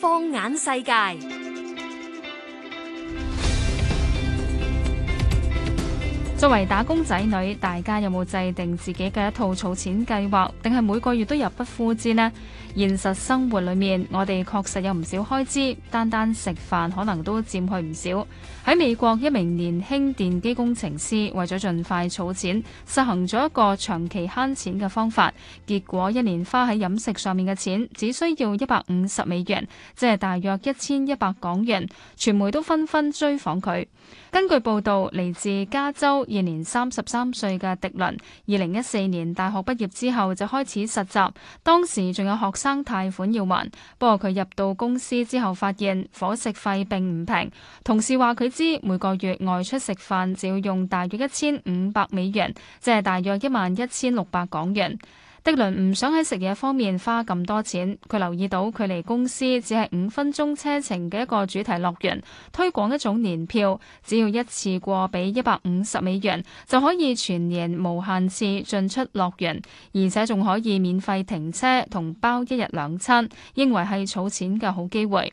放眼世界。作為打工仔女，大家有冇制定自己嘅一套儲錢計劃，定係每個月都入不敷支呢？現實生活裏面，我哋確實有唔少開支，單單食飯可能都佔去唔少。喺美國，一名年輕電機工程師為咗盡快儲錢，實行咗一個長期慳錢嘅方法，結果一年花喺飲食上面嘅錢只需要一百五十美元，即係大約一千一百港元。傳媒都紛紛追訪佢。根據報導，嚟自加州。現年三十三歲嘅迪倫，二零一四年大學畢業之後就開始實習，當時仲有學生貸款要還。不過佢入到公司之後，發現伙食費並唔平，同事話佢知每個月外出食飯就要用大約一千五百美元，即係大約一萬一千六百港元。迪倫唔想喺食嘢方面花咁多錢，佢留意到距離公司只係五分鐘車程嘅一個主題樂園，推廣一種年票，只要一次過俾一百五十美元就可以全年無限次進出樂園，而且仲可以免費停車同包一日兩餐，認為係儲錢嘅好機會。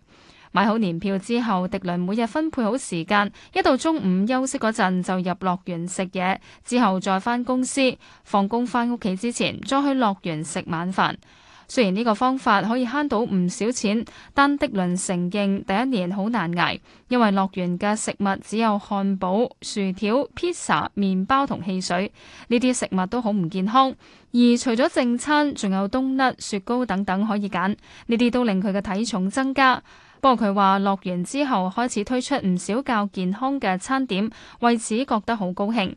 買好年票之後，迪倫每日分配好時間，一到中午休息嗰陣就入樂園食嘢，之後再返公司放工，返屋企之前再去樂園食晚飯。雖然呢個方法可以慳到唔少錢，但迪倫承認第一年好難捱，因為樂園嘅食物只有漢堡、薯條、披薩、麵包同汽水，呢啲食物都好唔健康。而除咗正餐，仲有冬甩、雪糕等等可以揀，呢啲都令佢嘅體重增加。不過佢話樂園之後開始推出唔少較健康嘅餐點，為此覺得好高興。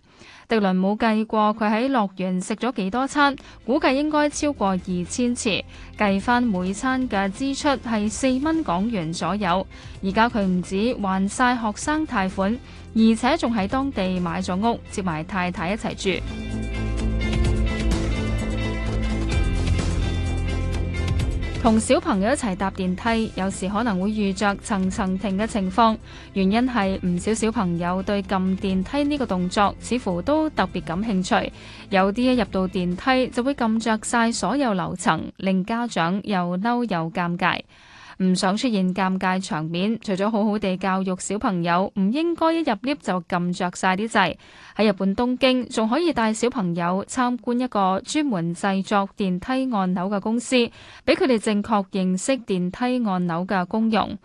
迪倫冇計過佢喺樂園食咗幾多餐，估計應該超過二千次。計翻每餐嘅支出係四蚊港元左右。而家佢唔止還晒學生貸款，而且仲喺當地買咗屋，接埋太太一齊住。同小朋友一齊搭電梯，有時可能會遇着層層停嘅情況，原因係唔少小朋友對撳電梯呢個動作似乎都特別感興趣，有啲一入到電梯就會撳着晒所有樓層，令家長又嬲又尷尬。唔想出現尷尬場面，除咗好好地教育小朋友，唔應該一入 lift 就撳着晒啲掣。喺日本東京，仲可以帶小朋友參觀一個專門製作電梯按鈕嘅公司，俾佢哋正確認識電梯按鈕嘅功用。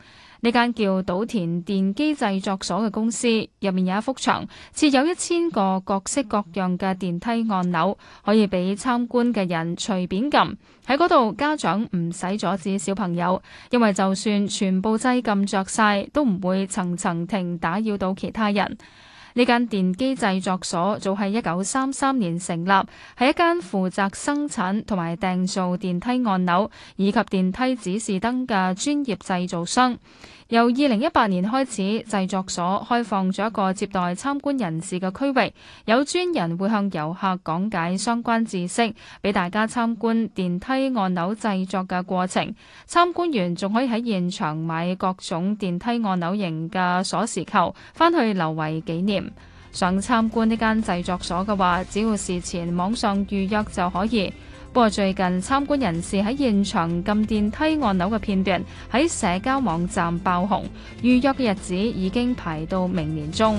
呢間叫島田電機製作所嘅公司入面有一幅牆，設有一千個各式各樣嘅電梯按鈕，可以俾參觀嘅人隨便撳。喺嗰度，家長唔使阻止小朋友，因為就算全部掣撳着晒，都唔會層層停打擾到其他人。呢間電機製作所早喺一九三三年成立，係一間負責生產同埋訂造電梯按鈕以及電梯指示燈嘅專業製造商。由二零一八年開始，製作所開放咗一個接待參觀人士嘅區域，有專人會向遊客講解相關知識，俾大家參觀電梯按鈕製作嘅過程。參觀完仲可以喺現場買各種電梯按鈕型嘅鎖匙扣，返去留為紀念。想參觀呢間製作所嘅話，只要事前網上預約就可以。不過最近參觀人士喺現場撳電梯按鈕嘅片段喺社交網站爆紅，預約嘅日子已經排到明年中。